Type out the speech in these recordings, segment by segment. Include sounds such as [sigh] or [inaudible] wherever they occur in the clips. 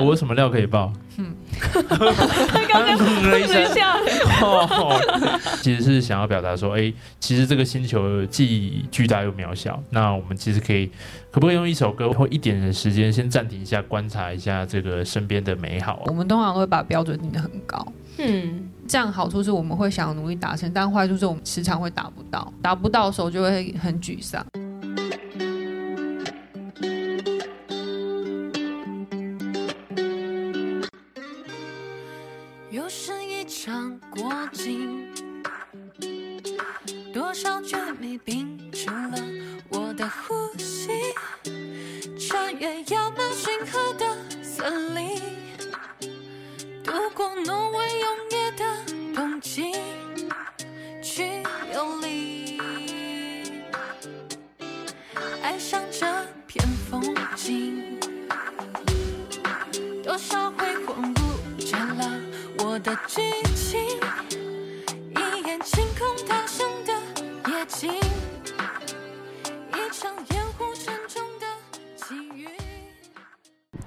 我有什麼料可以爆？嗯 [laughs] 他剛剛 [laughs] 了一，剛剛冷笑。哦，其實是想要表達說，哎、欸，其實這個星球既巨大又渺小。那我們其實可以，可不可以用一首歌或一點的時間，先暫停一下，觀察一下這個身邊的美好？我們通常會把標準定得很高，嗯，這樣好處是我們會想要努力達成，但壞處是我們時常會達不到，達不到的時候就會很沮喪。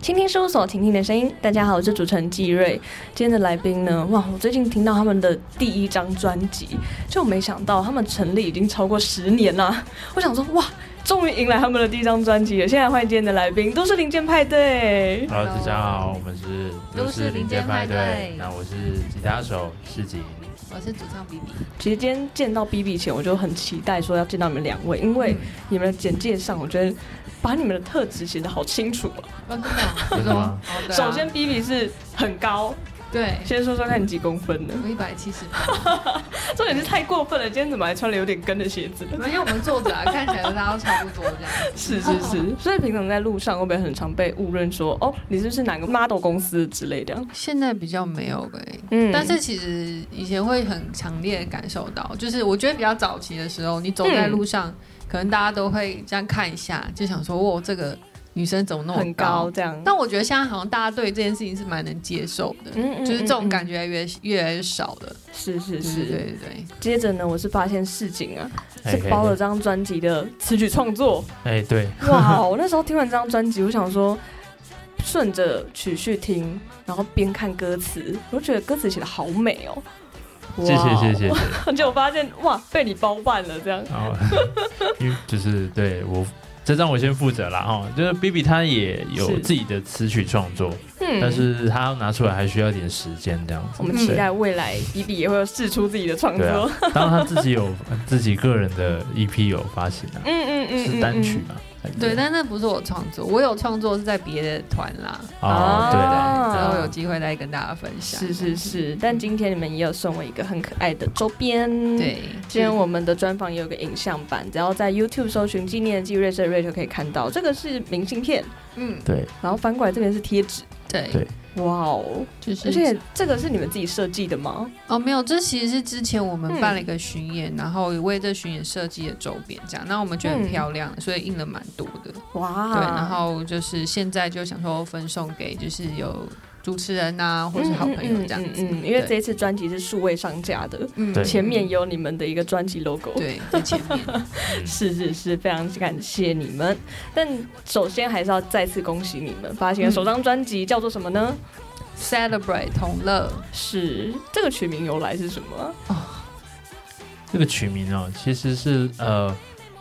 青聽事務所，傾聽你的聲音，大家好，我是主持人紀瑞。今天的來賓呢？哇，我最近聽到他們的第一張專輯，就沒想到他們成立已經超過十年了。我想說，哇，終於迎來他們的第一張專輯了。現在歡迎今天的來賓，都市零件派對。哈囉，大家好，我們是都市零件派對。那我是吉他手世錦。我是主唱 B B。其實今天見到 B B 前，我就很期待說要見到你們兩位，因為你們的簡介上我覺得把你們的特質寫得好清楚、嗯。真真的嗎？ [laughs] 首先，B B 是很高。對，先說說看你幾公分的，我一百七十。 [laughs] 重點是太過分了，今天怎麼還穿了有點跟的鞋子？因為我們坐着，啊， [laughs] 看起來大家都差不多這樣。是是是、哦，所以平常在路上會不會很常被誤認說，哦，你是不是哪個 model 公司之類這樣？現在比較沒有了、欸，嗯。但是其實以前會很強烈感受到，就是我覺得比較早期的時候，你走在路上，嗯、可能大家都會這樣看一下，就想說，哦，這個。女生怎麼那麼高，很高這樣？但我覺得現在好像大家對這件事情是蠻能接受的，嗯嗯，就是這種感覺越、嗯、越來越少的，是是是，嗯、對，對對。接着呢，我是發現世錦啊是包了這張專輯的詞曲創作，哎、hey, hey, hey, hey. hey, 對。哇，我那時候聽完這張專輯，我想說 [laughs] 順着曲序聽，然後邊看歌詞，我覺得歌詞寫得好美哦。謝、wow、謝謝謝。而我 [laughs] 發現哇，被你包辦了這樣。好、oh, [laughs] 就是對我。這張我先負責啦。哈，就是 Bibi 他也有自己的詞曲創作，嗯，但是他拿出來還需要一點時間這樣子。我們期待未來 Bibi 也會釋出自己的創作。啊、當然他自己有 [laughs] 自己個人的 EP 有發行啊，嗯嗯嗯，嗯，嗯，嗯，是單曲嘛。對，對，但那不是我創作，我有創作是在別的團啦。哦、啊，對對，然後我有機會再跟大家分享。是是是，嗯、但今天你們也有送我一個很可愛的周邊。對，今、嗯、天我們的專訪也有個影像版，只要在 YouTube 搜尋“紀瑞 Geeray” 就可以看到。這個是明信片，嗯，對。然後翻過來這邊是貼紙，對。對對哇哦！就是，而且這個是你們自己設計的嗎？哦，沒有，這其實是之前我們辦了一個巡演，嗯、然後為這巡演設計的周邊，這樣。那我們覺得很漂亮，嗯、所以印了蠻多的。哇！對，然後就是現在就想說分送給，就是有主持人吶、啊嗯，或者是好朋友這樣子。嗯嗯，嗯，嗯，因為這一次專輯是數位上架的，嗯，前面有你們的一個專輯 logo，對，對前面 [laughs] 是是是非常感謝你們。但首先還是要再次恭喜你們發行了首張專輯，叫做什麼呢？Celebrate 同樂。是這個曲名由來是什麼？哦，這個曲名哦，其實是呃，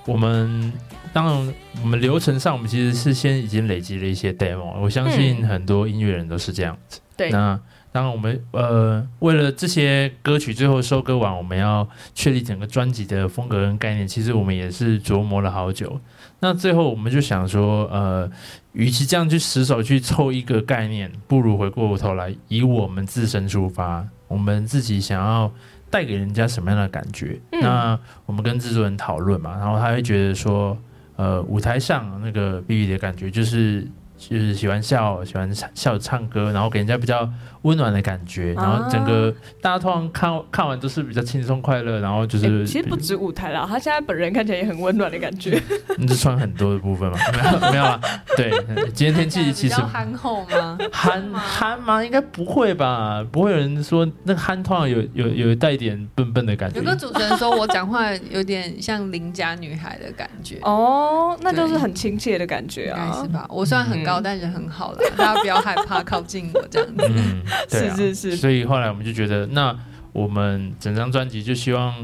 我們當然我們流程上，我們其實是先已經累積了一些 demo，、嗯、我相信很多音樂人都是這樣子。對、嗯，那當然，我們呃，為了這些歌曲最後收割完，我們要確立整個專輯的風格跟概念，其實我們也是琢磨了好久。那最後我們就想說，呃。與其這樣手去死守去湊一個概念，不如回過頭來，以我們自身出發，我們自己想要帶給人家什麼樣的感覺？嗯、那我們跟製作人討論嘛，然後他會覺得說，呃，舞台上那個 BB 的感覺就是就是喜歡笑，喜歡唱笑唱歌，然後給人家比較溫暖的感覺，然後整個大家通常看看完都是比較輕鬆快樂，然後就是、欸、其實不止舞台啦，他現在本人看起來也很溫暖的感覺。 [laughs] 你是穿很多的部分嗎？沒有沒有啊，對，今天天氣其實憨厚嗎？憨憨嗎？應該不會吧？不會有人說那個憨通常有有有帶點笨笨的感覺。有個主持人說我講話有點像鄰家女孩的感覺 [laughs] 哦，那就是很親切的感覺啊，是吧？我算很高，但是很好了、嗯，大家不要害怕靠近我這樣子。嗯對啊、是是是，所以後來我們就覺得，那我們整張專輯就希望，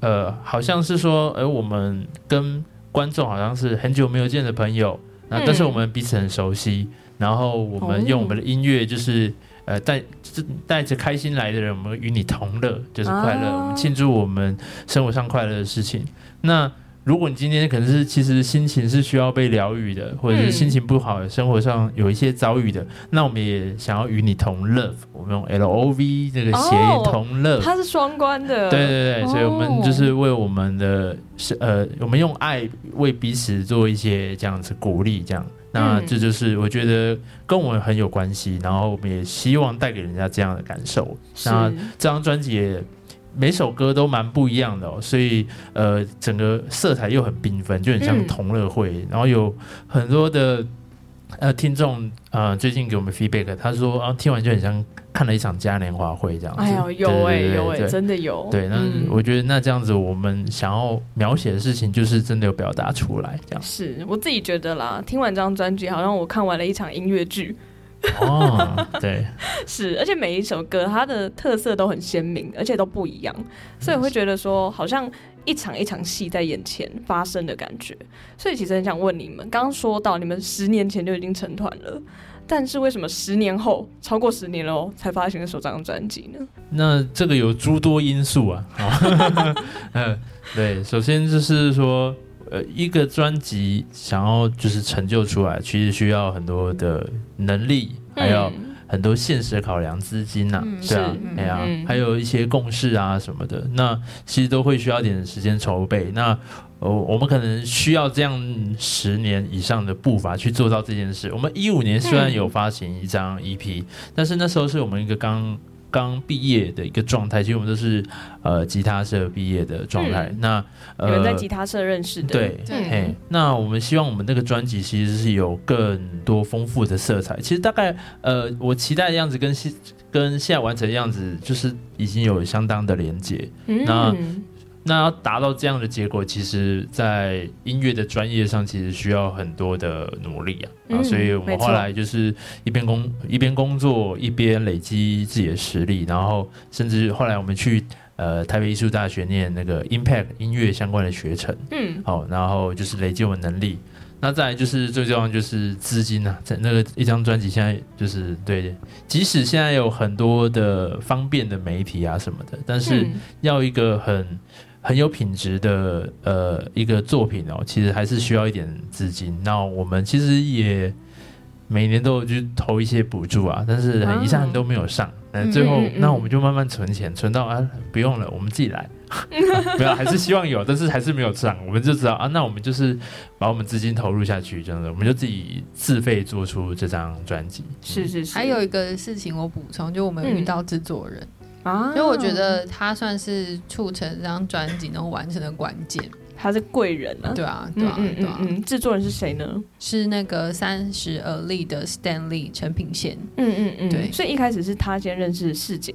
呃，好像是說，哎、呃，我們跟觀眾好像是很久沒有見的朋友，那、嗯、但是我們彼此很熟悉，然後我們用我們的音樂、就是呃，就是呃，帶帶帶著開心來的人，我們與你同樂，就是快樂，啊、我們慶祝我們生活上快樂的事情，那。如果你今天可能是其實心情是需要被療癒的，或者是心情不好的、嗯，生活上有一些遭遇的，那我們也想要與你同樂。我們用 L O V 這個諧音同樂，它、哦、是雙關的。對對對，所以我們就是為我們的、哦、呃，我們用愛為彼此做一些這樣子鼓勵，這樣。那這就是我覺得跟我們很有關係，然後我們也希望帶給人家這樣的感受。那這張專輯也。每首歌都蠻不一樣的哦，所以呃，整個色彩又很繽紛，就很像同樂會。嗯。然後有很多的呃聽眾呃，最近給我們 feedback，他說啊，聽完就很像看了一場嘉年華會這樣子。哎呦，有哎、欸，有哎、欸，真的有。對，那、嗯、我覺得那這樣子，我們想要描寫的事情，就是真的有表達出來這樣。是我自己覺得啦，聽完這張專輯，好像我看完了一場音樂劇。哦、 [laughs] oh,，對，是，而且每一首歌它的特色都很鮮明，而且都不一樣，所以我會覺得說，好像一場一場戲在眼前發生的感覺。所以其實很想問你們，剛剛說到你們十年前就已經成團了，但是為什麼十年後，超過十年了、哦，才發行的首張專輯呢？那這個有諸多因素啊，嗯， [laughs] [laughs] 對，首先就是說。呃，一個專輯想要就是成就出來，其實需要很多的能力，還有很多現實考量，資金吶、啊嗯啊，是啊、嗯嗯，還有一些共識啊什麼的，那其實都會需要點時間籌備。那我、呃、我們可能需要這樣十年以上的步伐去做到這件事。我們一五年雖然有發行一張 EP，、嗯、但是那時候是我們一個剛。剛畢業的一個狀態，其實我們都是呃吉他社畢業的狀態。嗯、那呃你們在吉他社認識的？對，對、嗯、那我們希望我們那個專輯其實是有更多豐富的色彩。其實大概呃我期待的樣子跟現跟現在完成的樣子就是已經有相當的連接。嗯、那。嗯那要達到這樣的結果，其實，在音樂的專業上，其實需要很多的努力啊。啊、嗯，所以我們後來就是一邊工一邊工作，一邊累積自己的實力，然後甚至後來我們去呃台北藝術大學念那個 Impact 音樂相關的學程。嗯。好，然後就是累積我們能力。那再就是最重要就是資金啊，在那個一張專輯現在就是對，即使現在有很多的方便的媒體啊什麼的，但是要一個很。很有品質的呃一個作品哦，其實還是需要一點資金。那我們其實也每年都有去投一些補助啊，但是一項都沒有上。那、啊、最後、嗯嗯嗯、那我們就慢慢存錢，存到啊，不用了，我們自己來。 [laughs] 啊、不要還是希望有，但是還是沒有上。我們就知道啊，那我們就是把我們資金投入下去，真的，我們就自己自費做出這張專輯。嗯、是是是。還有一個事情我補充，就我們遇到制作人。嗯啊！因為我覺得他算是促成這張專輯能夠完成的關鍵，他是貴人呢？對啊，對啊，對啊。嗯，嗯，嗯，嗯，制、啊、作人是誰呢？是那個三十而立的 Stanley 陳品先。嗯嗯嗯。對，所以一開始是他先認識的世錦。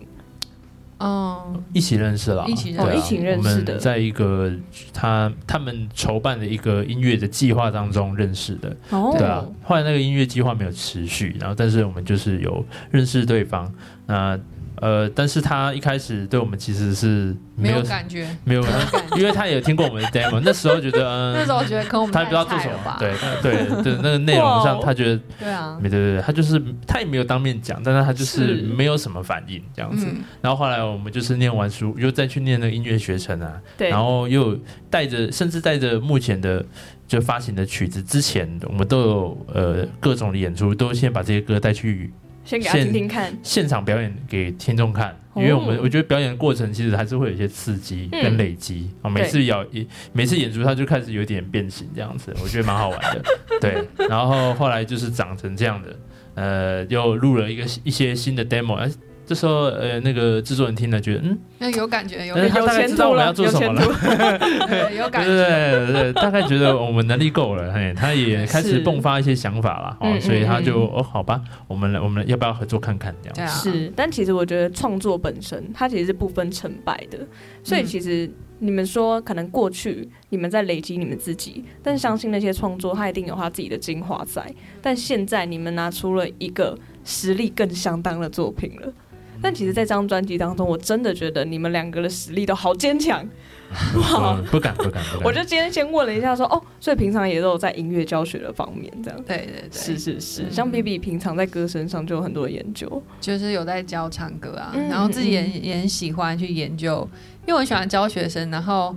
哦、嗯。一起認識了，一起認識、啊哦，一起認識的，在一個他他們籌辦的一個音樂的計劃當中認識的。哦。對啊，後來那個音樂計劃沒有持續，然後但是我們就是有認識對方。那呃，但是他一開始對我們其實是沒有、沒有感覺，沒有，呃、 [laughs] 因為他也聽過我們的 demo，那時候覺得，呃、 [laughs] 那時候我覺得跟我們他也不知道做什麼吧，對對對，那個內容上他覺得，對啊，沒對對對，他就是他也沒有當面講，但是他就是沒有什麼反應這樣子、嗯。然後後來我們就是念完書又再去念那個音樂學程啊，對，然後又帶着甚至帶着目前的就發行的曲子之前，我們都有呃各種的演出，都先把這些歌帶去。先給他聽聽看，現現場表演給聽眾看，因為我們我覺得表演的過程其實還是會有一些刺激跟累積啊、嗯。每次演一每次演出，它就開始有點變形這樣子，我覺得蠻好玩的。 [laughs] 對，然後後來就是長成這樣的，呃，又錄了一個一些新的 demo。這時候，呃，那個製作人聽了覺得，嗯，那、嗯、有感覺，有感覺有前途， [laughs] 有感覺，有感，對對對，對，大概覺得我們能力夠了，嘿，他也開始迸發一些想法了，哦，所以他就，哦，好吧，我們來，我們要不要合作看看？這樣對、啊，是，但其實我覺得創作本身，它其實是不分成敗的，所以其實你們說，嗯、可能過去你們在累積你們自己，但相信那些創作，它一定有它自己的精華在，但現在你們拿出了一個實力更相當的作品了。但其實，在這張專輯當中，我真的覺得你們兩個的實力都好堅強，哇、嗯嗯！不敢不敢不敢！不敢 [laughs] 我就今天先問了一下說，說哦，所以平常也都有在音樂教學的方面這樣。對對對，是是是，對對對，像 B B 平常在歌身上就有很多研究，就是有在教唱歌啊，嗯、然後自己也、嗯、也很喜歡去研究，因為我喜歡教學生，然後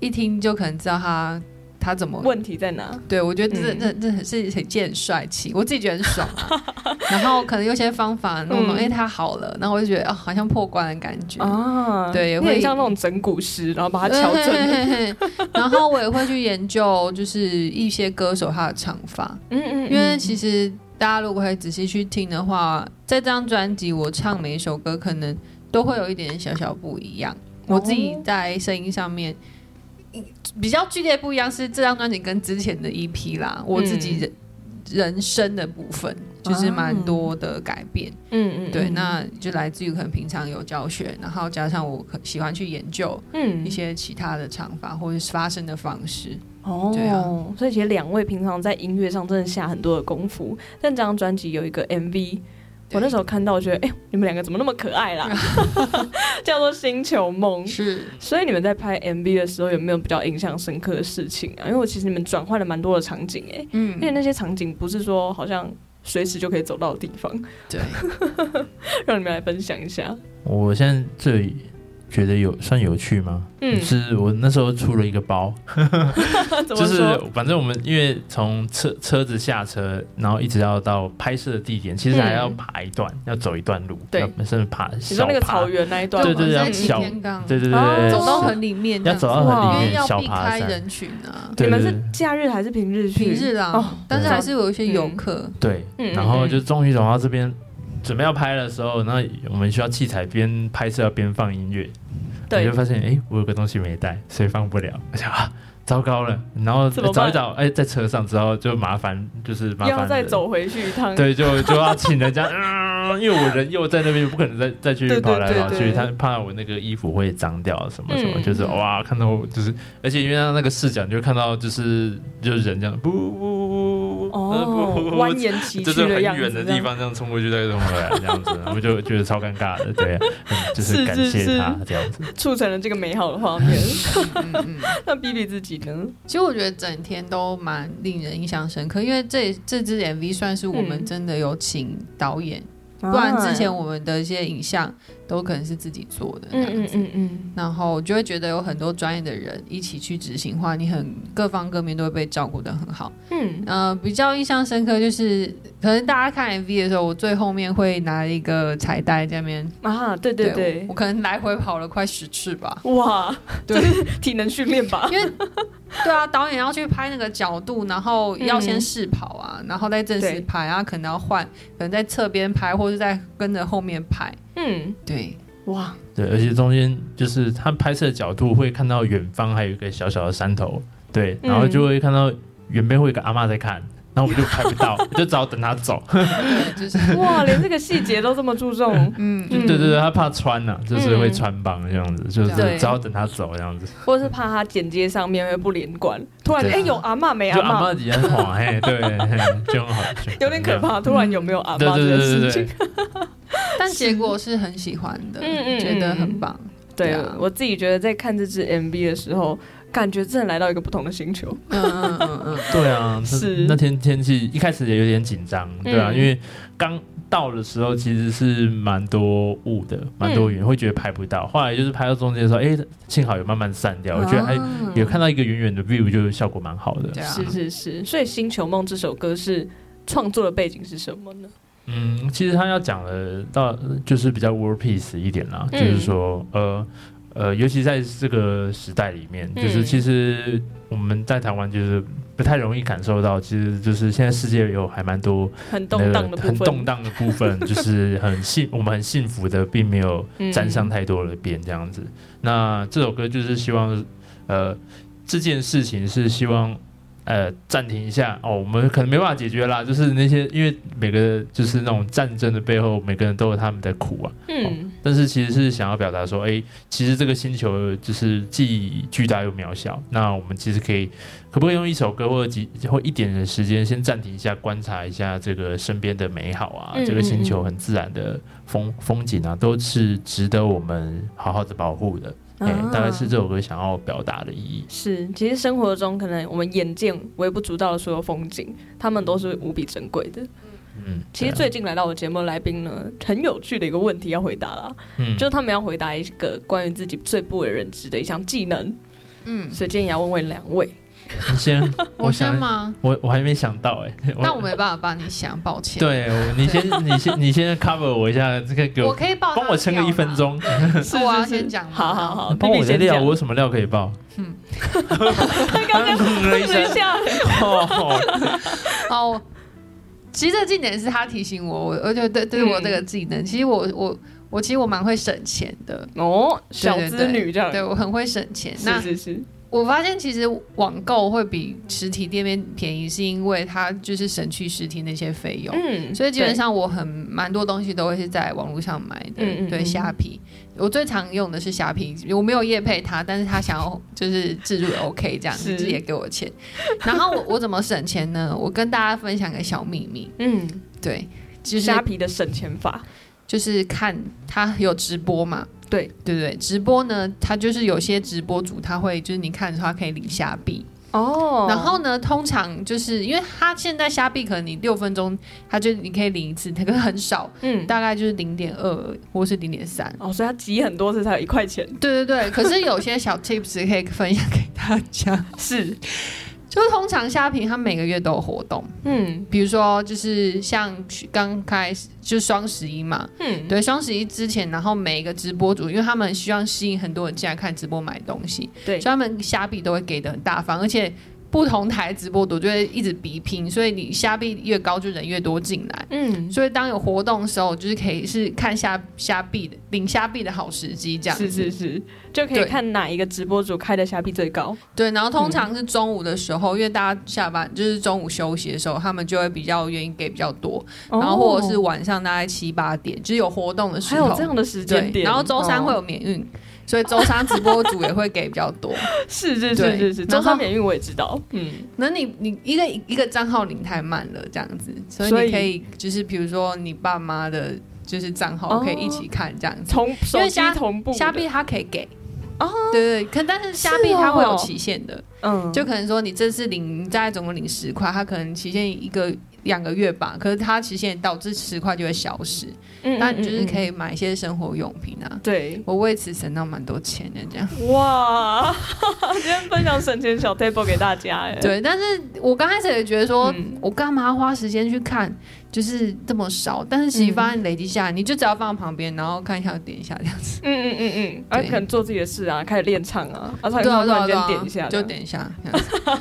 一聽就可能知道他。他怎麼問題在哪？對，我覺得這、嗯、這、這，這是很見帥氣，我自己覺得很爽、啊。 [laughs] 然後可能有些方法，弄弄，哎、嗯欸，他好了，然後我就覺得、哦、好像破關的感覺啊。對，也會那很像那種整骨師，然後把它調整。然後我也會去研究，就是一些歌手他的唱法。嗯嗯，因為其實大家如果可以仔細去聽的話，在這張專輯，我唱每一首歌可能都會有一點小小不一樣。哦、我自己在聲音上面。比較劇烈的不一樣是這張專輯跟之前的 EP 啦，我自己人、嗯、人生的部分就是蠻多的改變，嗯、啊、嗯，對，那就來自於可能平常有教學，然後加上我可喜歡去研究，嗯，一些其他的唱法或者發聲的方式、嗯，對啊，哦，所以其實兩位平常在音樂上真的下很多的功夫，但這張專輯有一個 MV。我那時候看到我覺得，哎、欸，你們兩個怎麼那麼可愛啦？ [laughs] 叫做《星球夢》。是，所以你們在拍 MV 的時候有沒有比較印象深刻的事情啊？因為我其實你們轉換了蠻多的場景哎、欸，嗯，因為那些場景不是說好像隨時就可以走到的地方，對， [laughs] 讓你們來分享一下。我現在最。覺得有，算有趣嗎？嗯，是我那時候出了一個包，嗯、 [laughs] 就是反正我們因為從車車子下車，然後一直要到拍攝的地點，其實還要爬一段，要走一段路，對、嗯，要甚至爬。爬你那個草原那一段，對對對，小，對對對要走到很裡面，要走到很裡面，要人啊、小爬山，人群啊，你們是假日還是平日去？平日啊、哦，但是還是有一些遊客。嗯、對，嗯，然後就終於走到這邊，準備要拍的時候，嗯嗯嗯那我們需要器材邊拍攝邊放音樂。你會發現，哎、欸，我有個東西沒帶，所以放不了。我想啊，糟糕了！然後、欸、找一找，哎、欸，在車上。之後就麻煩，就是麻煩再走回去一趟。對，就就要請人家，嗯、 [laughs] 呃，因為我人又在那邊，不可能再再去跑來跑去。對對對對，他怕我那個衣服會髒掉什麼什麼，嗯、就是哇，看到我就是，而且因為他那個視角你就看到就是就是人這樣，不不。哦、 [noise] 嗯，蜿蜒崎嶇的樣子，就是，很遠的地方這樣衝過去再衝回來這樣子，我就覺得超尷尬的， [laughs] 對，就是感謝他這樣子，是是是，促成了這個美好的畫面。嗯嗯，那 B B 自己呢？其實我覺得整天都蠻令人印象深刻，因為這這支 M V 算是我們真的有請導演，不然之前我們的一些影像。嗯都可能是自己做的樣子，嗯嗯嗯嗯，然後我就會覺得有很多專業的人一起去執行的話，你很各方各面都會被照顧的很好。嗯，呃，比較印象深刻就是，可能大家看 MV 的時候，我最後面會拿一個彩帶在這邊。啊，對對對，對我，我可能來回跑了快十次吧。哇，對，就是、體能訓練吧， [laughs] 因為對啊，導演要去拍那個角度，然後要先試跑啊，然後再正式拍，嗯，然後可能要換，可能在側邊拍，或者在跟着後面拍。嗯，對，哇，對，而且中間就是他拍攝的角度會看到遠方還有一個小小的山頭，對，嗯、然後就會看到遠邊會有個阿嬤在看。 [laughs] 然後我們就拍不到， [laughs] 就只好等他走。對對對，就是 [laughs] 哇，連這個細節都這麼注重。 [laughs] 嗯，對對對，他怕穿吶、啊，就是會穿幫這樣子，就是只好等他走這樣子。或者是怕他剪接，上面會不連貫，突然哎、啊欸，有阿媽沒阿媽，就阿媽 [laughs] 嘿，對，對對，就很有點可怕，突然有沒有阿媽這件事情。 [laughs] 但結果是很喜歡的， [laughs] 嗯嗯嗯，覺得很棒對。對啊，我自己覺得在看這支 MV 的時候，感覺真的來到一個不同的星球。嗯嗯嗯，嗯 [laughs] 對啊，是那，那天天氣一開始也有點緊張，對啊，嗯、因為剛到的時候其實是蠻多霧的，蠻、嗯、多雲，會覺得拍不到。後來就是拍到中間的時候，哎、欸，幸好有慢慢散掉，啊、我覺得還有看到一個遠遠的 view，就效果蠻好的、啊。是是是，所以《星球夢》這首歌是創作的背景是什麼呢？嗯，其實他要講的到就是比較 world peace 一點啦，嗯、就是說呃。呃，尤其在這個時代裡面，就是其實我們在台灣就是不太容易感受到，其實就是現在世界有還蠻多很動盪的部分，很動盪的部分 [laughs] 就是很幸我們很幸福的，並沒有沾上太多的邊這樣子。那這首歌就是希望，呃，這件事情是希望。呃，暫停一下哦，我們可能沒辦法解決啦。就是那些，因為每個就是那種戰爭的背後，嗯嗯，每個人都有他們的苦啊。嗯、哦。但是其實是想要表達說，哎、欸，其實這個星球就是既巨大又渺小。那我們其實可以，可不可以用一首歌或者幾或一點的時間，先暫停一下，觀察一下這個身邊的美好啊，嗯嗯，這個星球很自然的風風景啊，都是值得我們好好的保護的。哎，大概是這首歌想要表達的意義、啊。是，其實生活中可能我們眼見微不足道的所有風景，他們都是無比珍貴的。嗯，其實最近來到我節目的來賓呢，很有趣的一個問題要回答啦。嗯。就是他們要回答一個關於自己最不為人知的一項技能。嗯。所以今天也要問問兩位。你先，我想，我先嗎？我我還沒想到哎，那我，我沒辦法幫你想，抱歉。對，對，你先， [laughs] 你先，你先 cover 我一下這個給我，我可以報，幫我撐個一分鐘。是，是，是， [laughs] 是，是我要先講。好好好，幫我聊必必先聊，我有什麼料可以報？嗯，剛剛哭一下。 [laughs] 嗯、很 [laughs] 哦哦， [laughs] 其實這技能是他提醒我，我而且對對，對，對我這個技能，其實我我我其實我蠻會省錢的、嗯、對對對哦，小資女這樣。對我很會省錢，那。我發現其實網購會比實體店面便、便宜，是因為它就是省去實體那些費用。嗯，所以基本上我很蠻多東西都會是在網絡上買的。嗯、對蝦皮、嗯嗯，我最常用的是蝦皮，我沒有業配他，但是他想要就是自助 OK 這樣子 [laughs] 就也給我錢。然後我我怎麼省錢呢？ [laughs] 我跟大家分享一個小秘密。嗯，對，就是蝦皮的省錢法，就是看他有直播嘛。對對對，直播呢，他就是有些直播主他會，就是你看的時候他可以領蝦幣哦，oh. 然後呢，通常就是因為他現在蝦幣可能你六分鐘，他就你可以領一次，可能很少，嗯，大概就是零點二或是零點三哦，oh, 所以他集很多次才有一塊錢。對對對，可是有些小 tips [laughs] 可以分享給大家 [laughs] 是。就通常蝦皮，他每個月都有活動，嗯，比如說就是像剛開始就雙十一嘛，嗯，對，雙十一之前，然後每一個直播主，因為他們希望吸引很多人進來看直播買東西，對，所以他們蝦幣都會給得很大方，而且不同台直播主就會一直比拼，所以你蝦幣越高，就人越多進來。嗯，所以當有活動的時候，就是可以是看蝦蝦幣的領蝦幣的好時機，這樣。是是是，就可以看哪一個直播主開的蝦幣最高對。對，然後通常是中午的時候，嗯、因為大家下班就是中午休息的時候，他們就會比較願意給比較多。然後或者是晚上大概七八點，就是有活動的時候。還有這樣的時間點。然後周三會有免運。哦嗯 [laughs] 所以週三直播主也會給比較多， [laughs] 是是是，是是是。週三免運我也知道，嗯，那你你一個一個賬號領太慢了這樣子，所以你可以就是比如說你爸媽的就是賬號可以一起看這樣子，從、哦、手機同步蝦幣它可以給，哦，對對，可但是蝦幣它會有期限的，嗯、哦，就可能說你這次領大概總共領十塊，它可能期限一個。兩個月吧，可是它其實也導致十塊就會消失。嗯，那你就是可以買一些生活用品啊。對、嗯，我為此省到蠻多錢的這樣。哇，今天分享省錢小 table 給大家。對，但是我剛開始也覺得說，嗯、我幹嘛花時間去看？就是這麼少，但是其實發現累積下、嗯、你就只要放在旁邊，然後看一下，點一下這樣子。嗯嗯嗯嗯，而、嗯、且、啊、可能做自己的事啊，開始練唱啊，對啊，對啊，就點一下，就點一下。這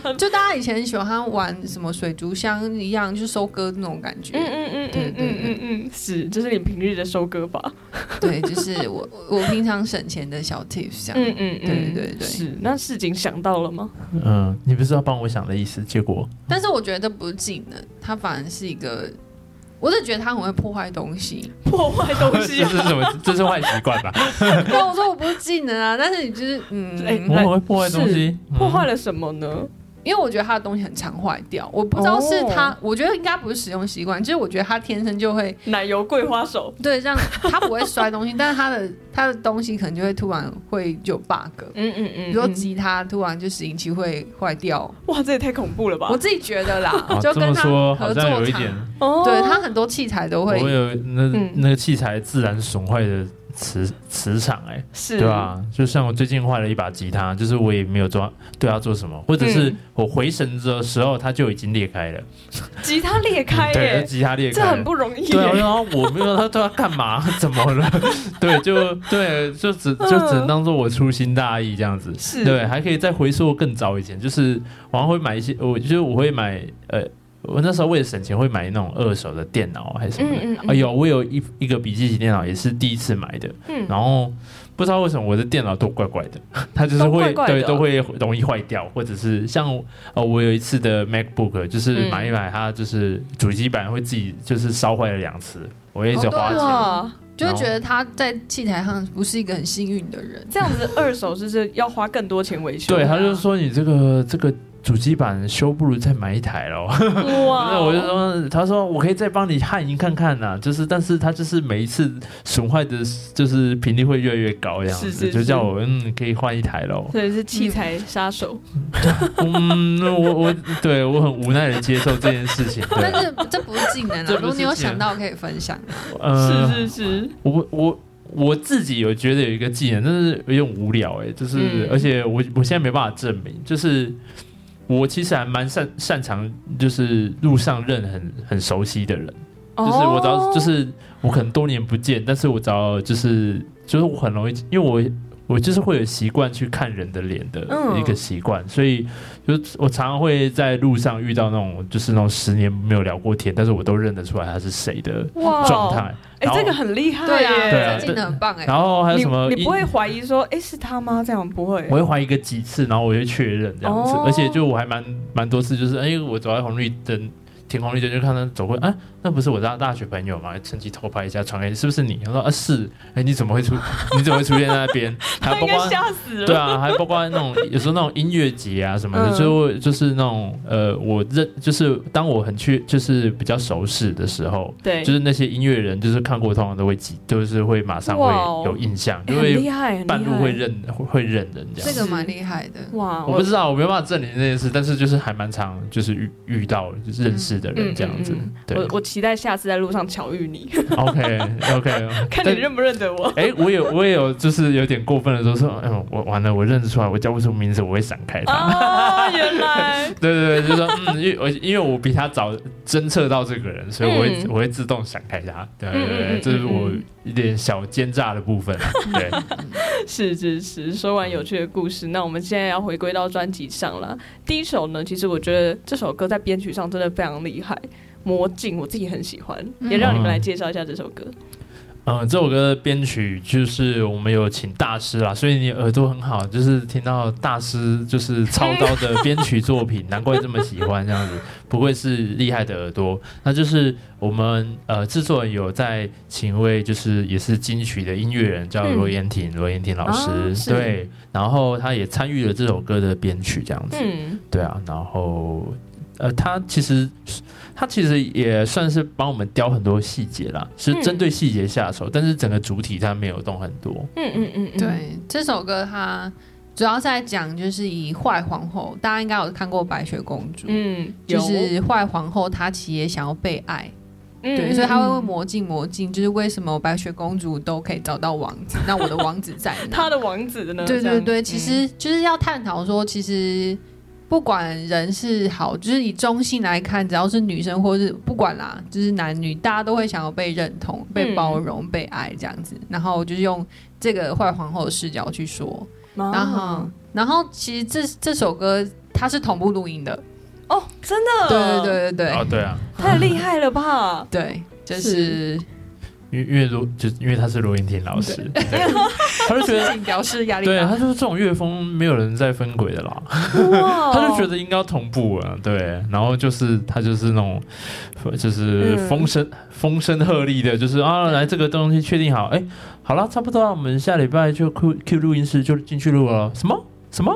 樣子 [laughs] 就大家以前喜歡玩什麼水族箱一樣，就是收割那種感覺。嗯對對對嗯嗯，嗯，對對對，是，這是你平日的收割吧？對，就是我我平常省錢的小 tips 這樣。嗯嗯，對對對。是，那世錦想到了嗎？嗯，嗯，你不是要幫我想的意思？結果？嗯、但是我覺得不錦呢，它反而是一個。我就覺得他很會破壞東西，破壞東西、啊，這是什麼？ [laughs] 這是壞習慣吧 [laughs] ？我說我不是技能啊，但是你就是嗯，欸、我會破壞東西，破壞了什麼呢？嗯因為我覺得他的東西很常壞掉，我不知道是他，oh. 我覺得應該不是使用習慣，就是我覺得他天生就會奶油桂花手，對，這樣他不會摔東西， [laughs] 但是他的他的東西可能就會突然會有 bug，嗯嗯嗯，比如說吉他、嗯、突然就拾音器會壞掉，哇，這也太恐怖了吧！我自己覺得啦，就跟他合作場、啊、這麼說好像有一點，對他很多器材都會，我有那那個器材自然損壞的。磁磁場哎、欸，是，對吧、啊？就像我最近壞了一把吉他，就是我也沒有做，對它做什麼，或者是我回神的時候，它就已經裂開了。嗯、 [laughs] 吉他裂開了，對，吉他裂開了，這很不容易、欸。對、啊，然後我沒有，它對它幹嘛？ [laughs] 怎麼了？對，就對，就只就只能當做我粗心大意這樣子。是、嗯，對是，還可以再回溯更早以前，就是我會買一些，我覺得我會買呃。.我那時候為了省錢，會買那種二手的電腦還是什麼的？哎、嗯、呦、嗯嗯啊，我有一一個筆記型電腦也是第一次買的、嗯，然後不知道為什麼我的電腦都怪怪的，它就是會都怪怪，對，都會容易壞掉，或者是像呃、啊、我有一次的 MacBook 就是買一買，它就是主機板會自己就是燒壞了兩次，我一直花錢，哦啊、就會覺得他在器材上不是一個很幸運的人。這樣子的二手就是，是要花更多錢維修、啊， [laughs] 對，他就說你這個這個。主機板修不如再買一台咯。哇、wow！ [laughs] 我就說，他說我可以再幫你焊一看看吶、啊，就是，但是他就是每一次損壞的，就是頻率會越來越高，這樣子，是是是，就叫我嗯可以換一台嘍。所以是器材殺手。 [laughs] 嗯，我我對我很無奈的接受這件事情、啊。但是這不是技能啊！能，如果你有想到可以分享。嗯、呃，是是是，我我我自己有覺得有一個技能，但是有點無聊哎、欸，就是、嗯、而且我我現在沒辦法證明，就是。我其實還蠻擅擅長，就是路上認很很熟悉的人，Oh? 就是我找，就是我可能多年不見，但是我找就是就是我很容易，因為我。我就是會有習慣去看人的臉的一個習慣、嗯，所以就我常常會在路上遇到那種就是那種十年沒有聊過天，但是我都認得出來他是誰的狀態。哎、欸，這個很厲害呀、啊啊啊，這個技能很棒。然後還有什麼你？你不會懷疑說哎、欸、是他嗎？這樣不會？我會懷疑一個幾次，然後我就確認這樣子、哦。而且就我還蠻蠻多次，就是哎、欸、我走在紅綠燈，停紅綠燈就看他走過，啊、欸，那不是我的大，大學朋友嗎？趁機偷拍一下，傳給是不是你？他說啊是，哎、欸、你怎麼會出你怎麼會出現在那邊？ [laughs] 他死還不光對啊，還包括那種有時候那種音樂節啊什麼的， [laughs] 嗯、就就是那種呃，我認就是當我很去就是比較熟識的時候，對，就是那些音樂人，就是看過通常都會記，就是會馬上會有印象，因為、哦、半路會認,、哦欸、路會、認會、會認人這樣子，這個蠻厲害的哇我、我不知道，我沒有辦法證明這件事，但是就是還蠻常就是遇遇到就是認識的人這樣子。嗯嗯嗯嗯、對我我期待下次在路上巧遇你。 [laughs] OK OK， [laughs] 看你認不認得我。哎、欸，我有我也有，就是有點過分，都說、嗯、我完了，我認識出來，我叫不出名字，我會閃開他。哦、原來， [laughs] 對對對，就是、說嗯，因我因為我比他早偵測到這個人，所以我會、嗯、我會自動閃開他。對對對,對，這、嗯嗯嗯就是我一點小奸詐的部分。嗯、對，是是是,是。說完有趣的故事、嗯，那我們現在要回歸到專輯上了。第一首呢，其實我覺得這首歌在編曲上真的非常厲害，《魔鏡》，我自己很喜歡、嗯，也讓你們來介紹一下這首歌。嗯嗯，這首歌的編曲就是我們有請大師啦，所以你耳朵很好，就是聽到大師就是超高的編曲作品， [laughs] 難怪這麼喜歡這樣子，不愧是厲害的耳朵。那就是我們呃，制作人有在請一位，就是也是金曲的音樂人，叫羅妍婷，羅、嗯、妍婷老師、啊，對，然後他也參與了這首歌的編曲這樣子，嗯嗯、對啊，然後。呃，他其實他其實也算是幫我們雕很多細節啦，是針對細節下手、嗯，但是整個主體他沒有動很多。嗯嗯嗯，對，這首歌他主要在講就是以壞皇後，大家應該有看過白雪公主，嗯，就是壞皇後她其實也想要被愛，嗯、對，所以他會問魔鏡魔鏡，就是為什麼白雪公主都可以找到王子， [laughs] 那我的王子在哪？他的王子呢？對對對，嗯、其實就是要探討說其實。不管人是好，就是以中性來看，只要是女生或是不管啦，就是男女，大家都會想要被認同、被包容、嗯、被愛這樣子。然後就是用這個壞皇後的視角去說，啊。然後，然後其實這這首歌它是同步錄音的。哦，真的？對對對對對。啊，對啊。太厲害了吧？對，就是。是因因為就因為他是羅妍婷老師，他就覺得 [laughs] 對，他就是這種樂風沒有人在分軌的啦，哦、 [laughs] 他就覺得應該要同步啊。對，然後就是他就是那種就是風聲、嗯、風聲鶴唳的，就是啊來這個東西確定好，哎、欸，好了，差不多了，我們下禮拜就 Q Q 錄音室就進去錄了、嗯。什麼什麼、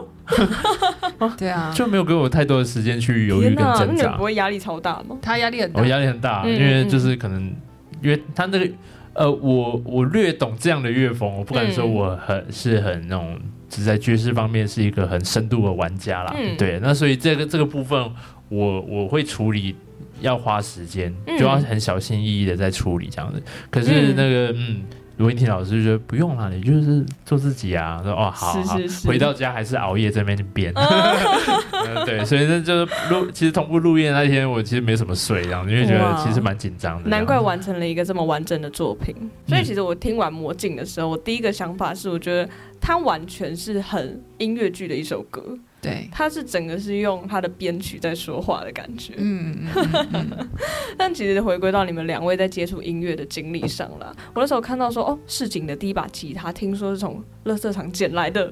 [laughs] 啊？對啊，就沒有給我太多的時間去猶豫跟掙扎。你不會壓力超大嗎？他壓力很大，我、哦、壓力很大嗯嗯，因為就是可能。因為他那個，呃，我我略懂這樣的樂風，我不敢說我很、嗯、是很那種只在爵士方面是一個很深度的玩家啦、嗯，對，那所以這個這個部分我，我我會處理，要花時間，就要很小心翼翼的在處理這樣子。可是那個嗯。嗯羅妍婷老師就覺得不用了，你就是做自己啊。說哦，好，好，好，是是是。回到家還是熬夜在、哦、 [laughs] [laughs] 那邊編。對，所以這就是錄，其實同步錄音的那天我其實沒什麼睡，然後因為覺得其實蠻緊張的、啊。難怪完成了一個這麼完整的作品。所以其實我聽完《魔鏡》的時候，我第一個想法是，我覺得它完全是很音樂劇的一首歌。對，他是整個是用他的編曲在說話的感覺。嗯，嗯嗯 [laughs] 但其實回歸到你們兩位在接觸音樂的經歷上了，我那時候看到說，哦，世錦的第一把吉他，聽說是從垃圾場撿來的。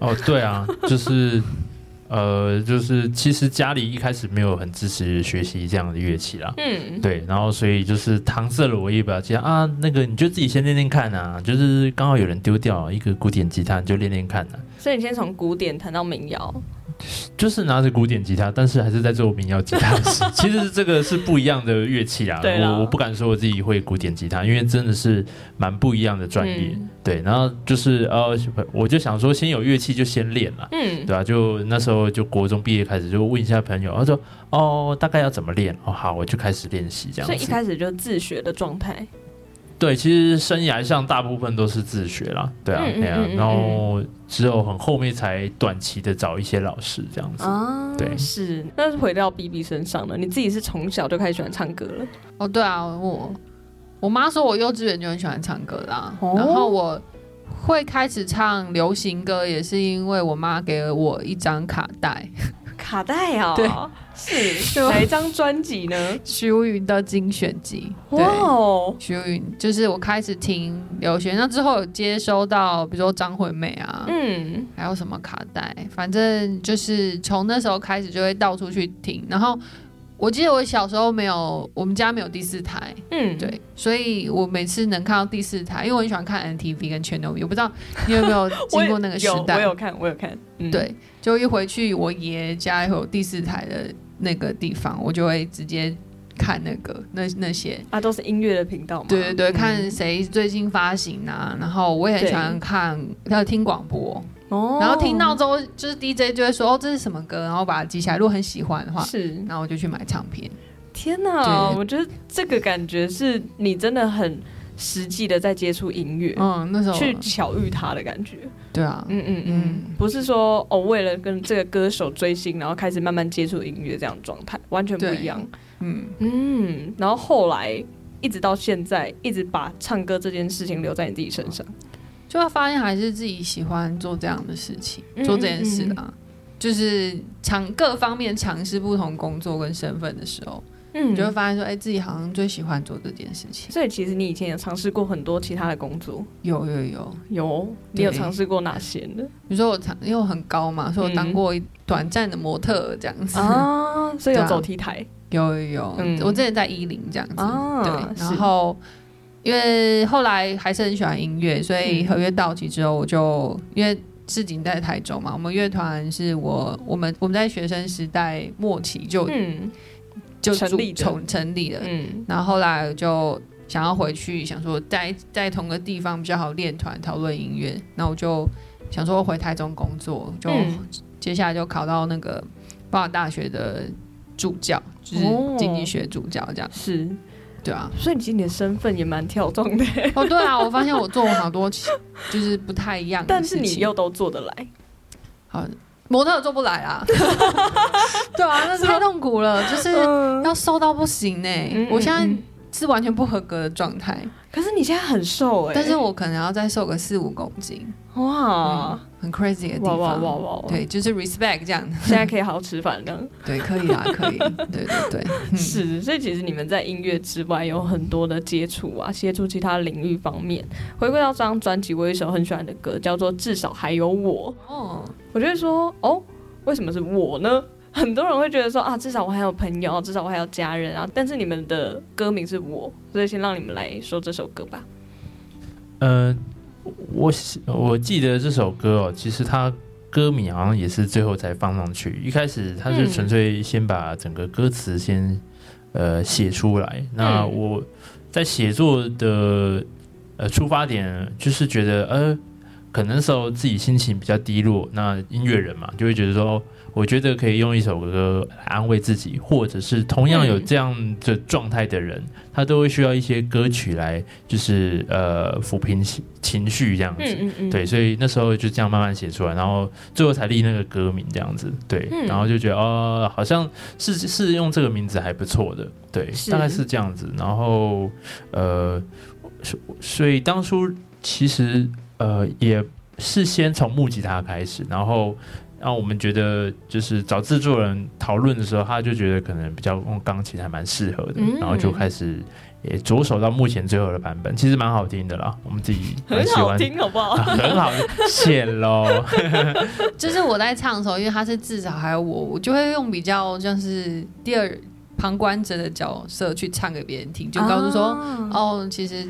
哦，對啊，就是。 [laughs] 呃，就是其實家裡一開始沒有很支持學習這樣的樂器啦。嗯，對，然後所以就是搪塞了我一把吉他，講啊，那個你就自己先練練看啊，就是剛好有人丟掉一個古典吉他，你就練練看的、啊。所以你先從古典彈到民謠。就是拿着古典吉他，但是還是在做民謠吉他的事。其實這個是不一樣的樂器啊。 [laughs] 對，我我不敢說我自己會古典吉他，因為真的是蠻不一樣的專業。嗯、對，然後就是呃，我就想說，先有樂器就先練嘛。嗯，對吧、啊？就那時候就國中畢業開始，就問一下朋友，他說：“哦，大概要怎麼練？”哦，好，我就開始練習這樣子。所以一開始就自學的狀態。對，其實生涯上大部分都是自學啦，對啊，嗯、對啊，然後只有很後面才短期的找一些老師這樣子。啊、嗯，對，是。但是回到 BB 身上了，你自己是從小就開始喜歡唱歌了？哦，對啊，我我媽說我幼稚園就很喜歡唱歌啦，哦，然後我會開始唱流行歌，也是因為我媽給了我一張卡帶。卡帶哦，對是，是 [laughs] 哪一張專輯呢？許茹 [laughs] 芸的精選集。哇哦，許茹、wow、芸就是我開始聽流行，那之後有接收到，比如說張惠妹啊，嗯，還有什麼卡帶，反正就是從那時候開始就會到處去聽，然後。我記得我小時候沒有，我們家沒有第四台，嗯，對，所以我每次能看到第四台，因為我很喜歡看 NTV 跟 Channel V，我不知道你有沒有經過那個時代？呵呵我，有，我有看，我有看，嗯，對，就一回去我爺家有第四台的那個地方，我就會直接看那個那那些，啊，都是音樂的頻道嘛，對對對，看誰最近發行啊，然後我也很喜歡看還有聽廣播，哦， [music] 然後聽到之後，就是 DJ 就會說哦，這是什麼歌？然後把它記下來，如果很喜歡的話。是，然後我就去買唱片。天哪，我覺得這個感覺是你真的很實際的在接觸音樂，嗯，那時候去巧遇他的感覺、嗯。對啊嗯，嗯嗯嗯，不是說哦為了跟這個歌手追星，然後開始慢慢接觸音樂這樣狀態，完全不一樣。嗯嗯，然後後來一直到現在，一直把唱歌這件事情留在你自己身上。就會發現還是自己喜歡做這樣的事情，嗯嗯嗯嗯做這件事啊，就是嘗各方面嘗試不同工作跟身份的時候、嗯，你就會發現說，哎、欸，自己好像最喜歡做這件事情。所以其實你以前也嘗試過很多其他的工作，有有有有，你有嘗試過哪些呢？比如說我嘗因為我很高嘛，所以我當過一短暫的模特這樣子啊，啊，所以有走 T 台，有有、嗯，我之前在伊林這樣子、啊，對，然後。因為後來還是很喜歡音樂，所以合約到期之後，我就因為自己在台中嘛，我們樂團是我我們我們在學生時代末期就、嗯、就成立從成立了、嗯，然後後來我就想要回去，想說在在同個地方比較好練團討論音樂，那我就想說回台中工作，就接下來就考到那個國立大學的助教，就是經濟學助教這樣、哦、是。對啊，所以你今年身份也蠻跳動的，欸。哦、oh,，對啊，我發現我做了好多，就是不太一樣的事情。 [laughs] 但是你要都做得來，好，模特做不來啊。 [laughs] [laughs] 對啊，那是太痛苦了， [laughs] 就是要瘦到不行呢，欸 [laughs] 嗯嗯嗯，我現在是完全不合格的狀態。可是你現在很瘦哎，欸。但是我可能要再瘦個四五公斤。哇。嗯很 crazy 的地方，哇哇哇哇！對，就是 respect 這樣。現在可以好好吃飯這樣，對，可以啊，可以。 [laughs] 對對對，是。所以其實你們在音樂之外有很多的接觸啊，接觸其他領域方面。回歸到這張專輯，我有一首很喜歡的歌，叫做《至少還有我》。哦，我就會說，哦，為什麼是我呢？很多人會覺得說啊，至少我還有朋友，至少我還有家人啊。但是你們的歌名是我，所以先讓你們來說這首歌吧。嗯、呃。我我記得這首歌哦、喔，其實他歌名好像也是最後才放上去，一開始他就純粹先把整個歌詞先呃寫出來。那我在寫作的呃出發點就是覺得呃，可能那時候自己心情比較低落，那音樂人嘛就會覺得說。我覺得可以用一首歌來安慰自己，或者是同樣有這樣的狀態的人，嗯、他都會需要一些歌曲來，就是呃撫平情緒這樣子嗯嗯嗯。對，所以那時候就這樣慢慢寫出來，然後最後才立那個歌名這樣子。對。嗯、然後就覺得哦，好像是是用這個名字還不錯的。對。大概是這樣子。然後呃，所以當初其實呃也是先從木吉他開始，然後。那、啊、我們覺得，就是找製作人討論的時候，他就覺得可能比較用鋼琴還蠻適合的、嗯，然後就開始也着手到目前最後的版本，其實蠻好聽的啦。我們自己很喜歡，很好聽好不好？啊、很好險嘍。 [laughs] 就是我在唱的時候，因為他是至少還有我，我就會用比較像是第二旁觀者的角色去唱給別人聽，就告訴說、啊、哦，其實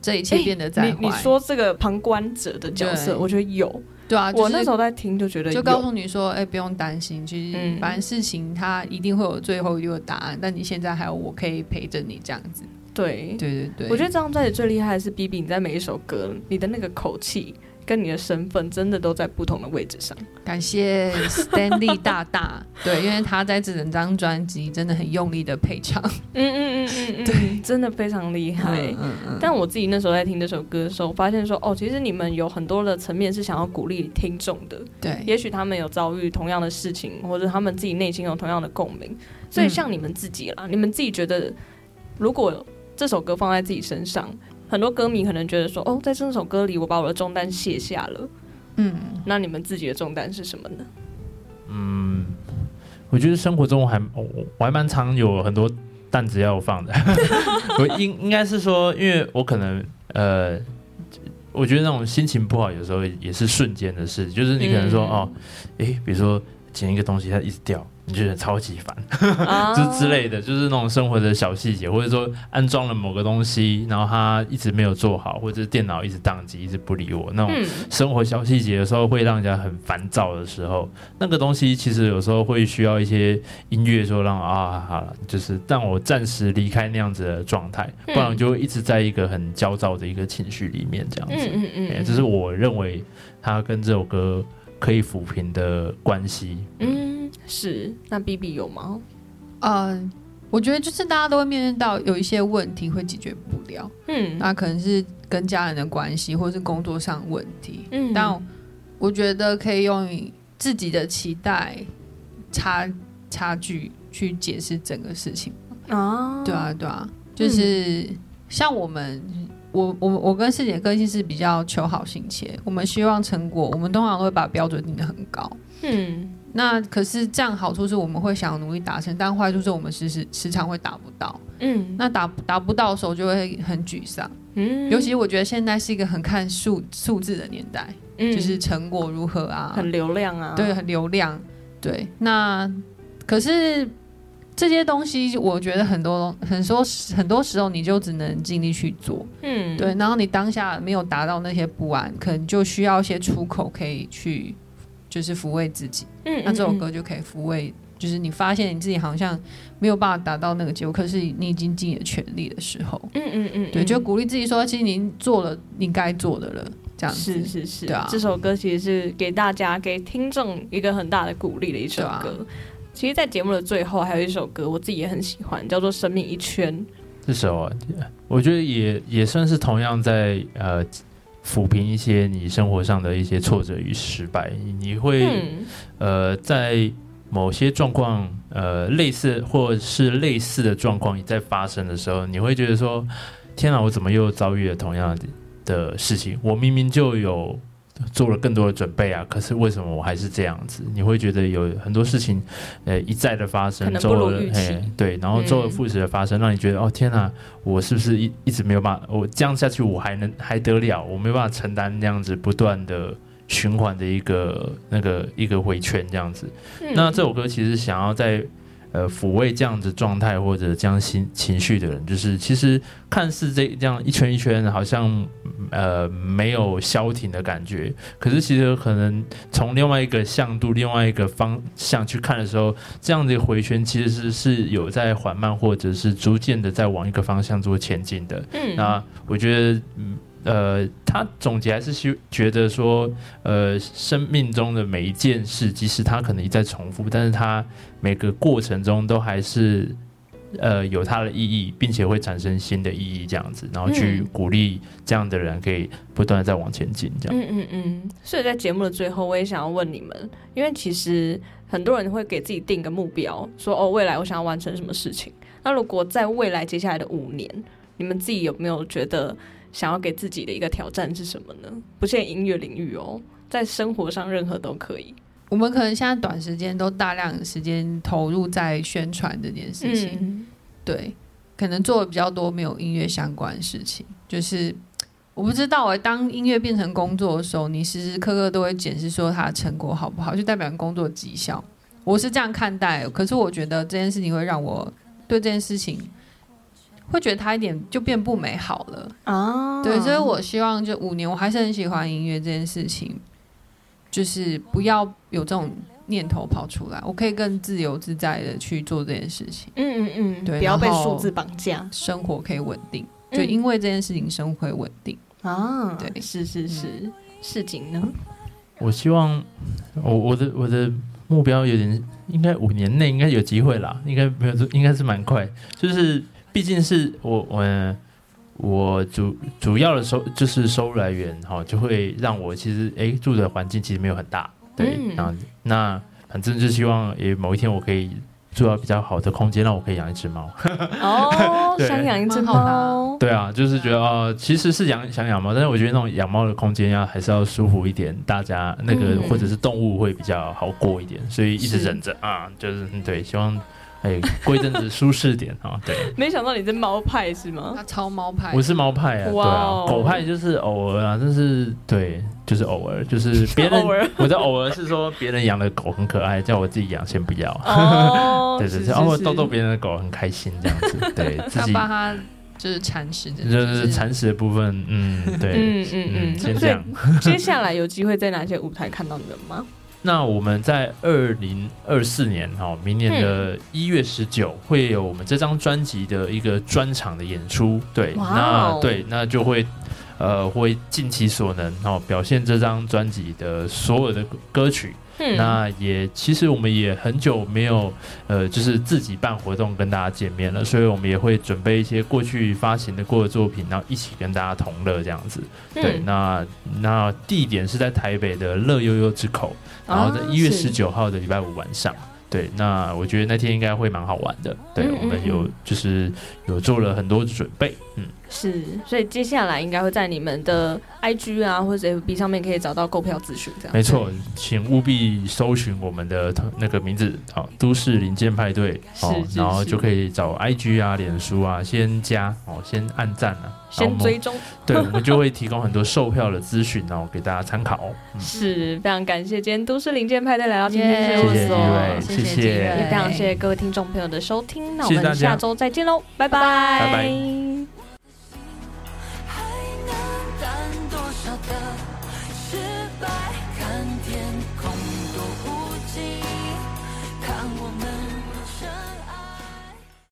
這一切變得、欸……你你說這個旁觀者的角色，我覺得有。對啊、就是，我那時候在聽就覺得，就告訴你說，哎、欸，不用擔心，其實反正事情它一定會有最後一個答案、嗯。但你現在還有，我可以陪着你這樣子。對對對對，我覺得這張專輯最厲害的是比比你在每一首歌你的那個口氣。跟你的身份真的都在不同的位置上。感謝 Stanley 大大， [laughs] 對，因為他在這整張專輯真的很用力的配唱。嗯嗯嗯嗯嗯，對，真的非常厲害。嗯嗯嗯。但我自己那時候在聽這首歌的時候，我發現說，哦，其實你們有很多的層面是想要鼓勵聽眾的。對。也許他們有遭遇同樣的事情，或者他們自己內心有同樣的共鳴。所以像你們自己啦，嗯，你們自己覺得，如果這首歌放在自己身上。很多歌迷可能覺得說，哦，在這首歌裡，我把我的重擔卸下了。嗯，那你們自己的重擔是什麼呢？嗯，我覺得生活中我還我，我還蠻常有很多擔子要放的。 [laughs] [laughs] 我應應該是說，因為我可能呃，我覺得那種心情不好，有時候也是瞬間的事，就是你可能說，嗯，哦，哎，比如說。撿一個東西，它一直掉，你覺得超級煩、oh.，就是、之類的，就是那種生活的小細節，或者說安裝了某個東西，然後它一直沒有做好，或者是電腦一直宕機，一直不理我，那種生活小細節的時候，會讓人家很煩躁的時候，那個東西其實有時候會需要一些音樂，說讓啊，好了，就是讓我暫時離開那樣子的狀態，不然就會一直在一個很焦躁的一個情緒裡面這樣子。嗯嗯，就是我認為他跟這首歌。可以撫平的關係，嗯，嗯，是那比比有嗎？嗯、uh,，我覺得就是大家都會面臨到有一些問題會解決不了，嗯，那可能是跟家人的關係，或是工作上的問題，嗯，但我覺得可以用自己的期待差差距去解釋整個事情，啊、哦，對啊，對啊，就是、嗯、像我們。我我我跟世錦個性是比較求好心切，我們希望成果，我們通常都會把標準定得很高。嗯，那可是這樣好處是我們會想要努力達成，但壞處是我們時時時常會達不到。嗯，那達達不到的時候就會很沮喪。嗯，尤其我覺得現在是一個很看數數字的年代。嗯，就是成果如何啊，很流量啊，對，很流量。對，那可是。這些東西，我覺得很多，很多很多時候你就只能盡力去做，嗯，對。然後你當下沒有達到那些不安，可能就需要一些出口可以去，就是撫慰自己。嗯，那這首歌就可以撫慰，嗯、就是你發現你自己好像沒有辦法達到那個結果，可是你已經盡了全力的時候，嗯嗯嗯，對，就鼓勵自己說，其實你做了你該做的了，這樣子是是是，對啊。這首歌其實是給大家給聽眾一個很大的鼓勵的一首歌。其實在節目的最後，還有一首歌，我自己也很喜歡，叫做《生命一圈》。這首啊，我覺得也也算是同樣在呃撫平一些你生活上的一些挫折與失敗。嗯、你會、嗯、呃在某些狀況呃類似或是類似的狀況在發生的時候，你會覺得說：“天哪，我怎麼又遭遇了同樣的事情？我明明就有。”做了更多的準備啊，可是為什麼我還是這樣子？你會覺得有很多事情，呃、欸，一再的發生，周而對，然後周而復始的發生，嗯、讓你覺得哦天吶、啊，我是不是一一直沒有辦法？我這樣下去，我還能還得了？我沒有辦法承擔這樣子不斷的循環的一個那個一個回圈這樣子、嗯。那這首歌其實想要在。呃，撫慰這樣子狀態或者這樣心情緒的人，就是其實看似這這樣一圈一圈，好像呃沒有消停的感覺。可是其實可能從另外一個向度，另外一個方向去看的時候，這樣的回圈其實是，是有在緩慢，或者是逐漸的在往一個方向做前進的。嗯，那我覺得。嗯呃，他總結還是覺覺得說，呃，生命中的每一件事，即使他可能一再重複，但是他每個過程中都還是呃有它的意義，並且會產生新的意義，這樣子，然後去鼓勵這樣的人可以不斷地再往前進，這樣。嗯嗯嗯，嗯。所以在節目的最後，我也想要問你們，因為其實很多人會給自己定個目標，說哦，未來我想要完成什麼事情。那如果在未來接下來的五年，你們自己有沒有覺得？想要給自己的一個挑戰是什麼呢？不限音樂領域哦，在生活上任何都可以。我們可能現在短時間都大量的時間投入在宣傳這件事情，嗯，對，可能做的比較多沒有音樂相關的事情。就是我不知道誒，當音樂變成工作的時候，你時時刻刻都會檢視說它的成果好不好，就代表工作績效。我是這樣看待，可是我覺得這件事情會讓我對這件事情。會覺得他一點就變不美好了啊！Oh. 對，所以我希望這五年，我還是很喜歡音樂這件事情，就是不要有這種念頭跑出來，我可以更自由自在地去做這件事情。嗯嗯嗯，對，不要被數字綁架，生活可以穩定，Mm-hmm. 就因為這件事情生活會穩定啊！Oh. 對，是是是，事、嗯、情呢？我希望我我的我的目標有點，應該五年內應該有機會啦，應該沒有，應該是蠻快，就是。畢竟是我我、呃、我主主要的收就是收入來源哈、哦，就會讓我其實哎住的環境其實沒有很大，對、嗯、然後那反正就希望也某一天我可以住到比較好的空間，讓我可以養一隻貓。哦， [laughs] 想養一隻貓、嗯，對啊，就是覺得哦，其實是養想養貓，但是我覺得那種養貓的空間要還是要舒服一點，大家那個或者是動物會比較好過一點，嗯、所以一直忍着啊、嗯，就是對，希望。哎、欸，過一陣子舒適點啊、 [laughs] 哦！對，沒想到你這貓派是嗎？他超貓派，我是貓派啊！哇、啊 wow，狗派就是偶爾啊，就是對，就是偶爾，就是別人 [laughs] 是。我的偶爾是說別人養的狗很可愛，叫我自己養先不要。哦、oh, [laughs] 對對對，偶逗逗別人的狗很開心這樣子。對，自己幫他,他就是鏟屎的、就是，就是鏟屎的部分，嗯，對， [laughs] 嗯嗯嗯,嗯，先這樣。 [laughs] 接下來有機會在哪些舞台看到你們嗎？那我們在二零二四年，哦，好，明年的一月十九會有我們這張專輯的一個專場的演出，對，wow. 那對，那就會。呃，會盡其所能，然後表現這張專輯的所有的歌曲。嗯、那也其實我們也很久沒有、嗯、呃，就是自己辦活動跟大家見面了，所以我們也會準備一些過去發行的過的作品，然後一起跟大家同樂這樣子。嗯、對，那那地點是在台北的樂悠悠之口，然後在一月十九號的禮拜五晚上。啊對，那我覺得那天應該會蠻好玩的。嗯嗯嗯，對，我們有就是有做了很多準備，嗯，是，所以接下來應該會在你們的 I G 啊或者 F B 上面可以找到購票資訊，這樣沒錯，請務必搜尋我們的那個名字，好，都市零件派對，好、哦，然後就可以找 I G 啊、臉書啊，先加哦，先按讚、啊先追蹤，對 [laughs] 我們就會提供很多售票的資訊，然後給大家參考哦，嗯。是，非常感謝今天都市零件派對來到今天 yeah, 謝謝。謝謝謝謝，也非常謝謝各位聽眾朋友的收聽。那我們下周再見嘍，拜拜。拜拜，拜拜。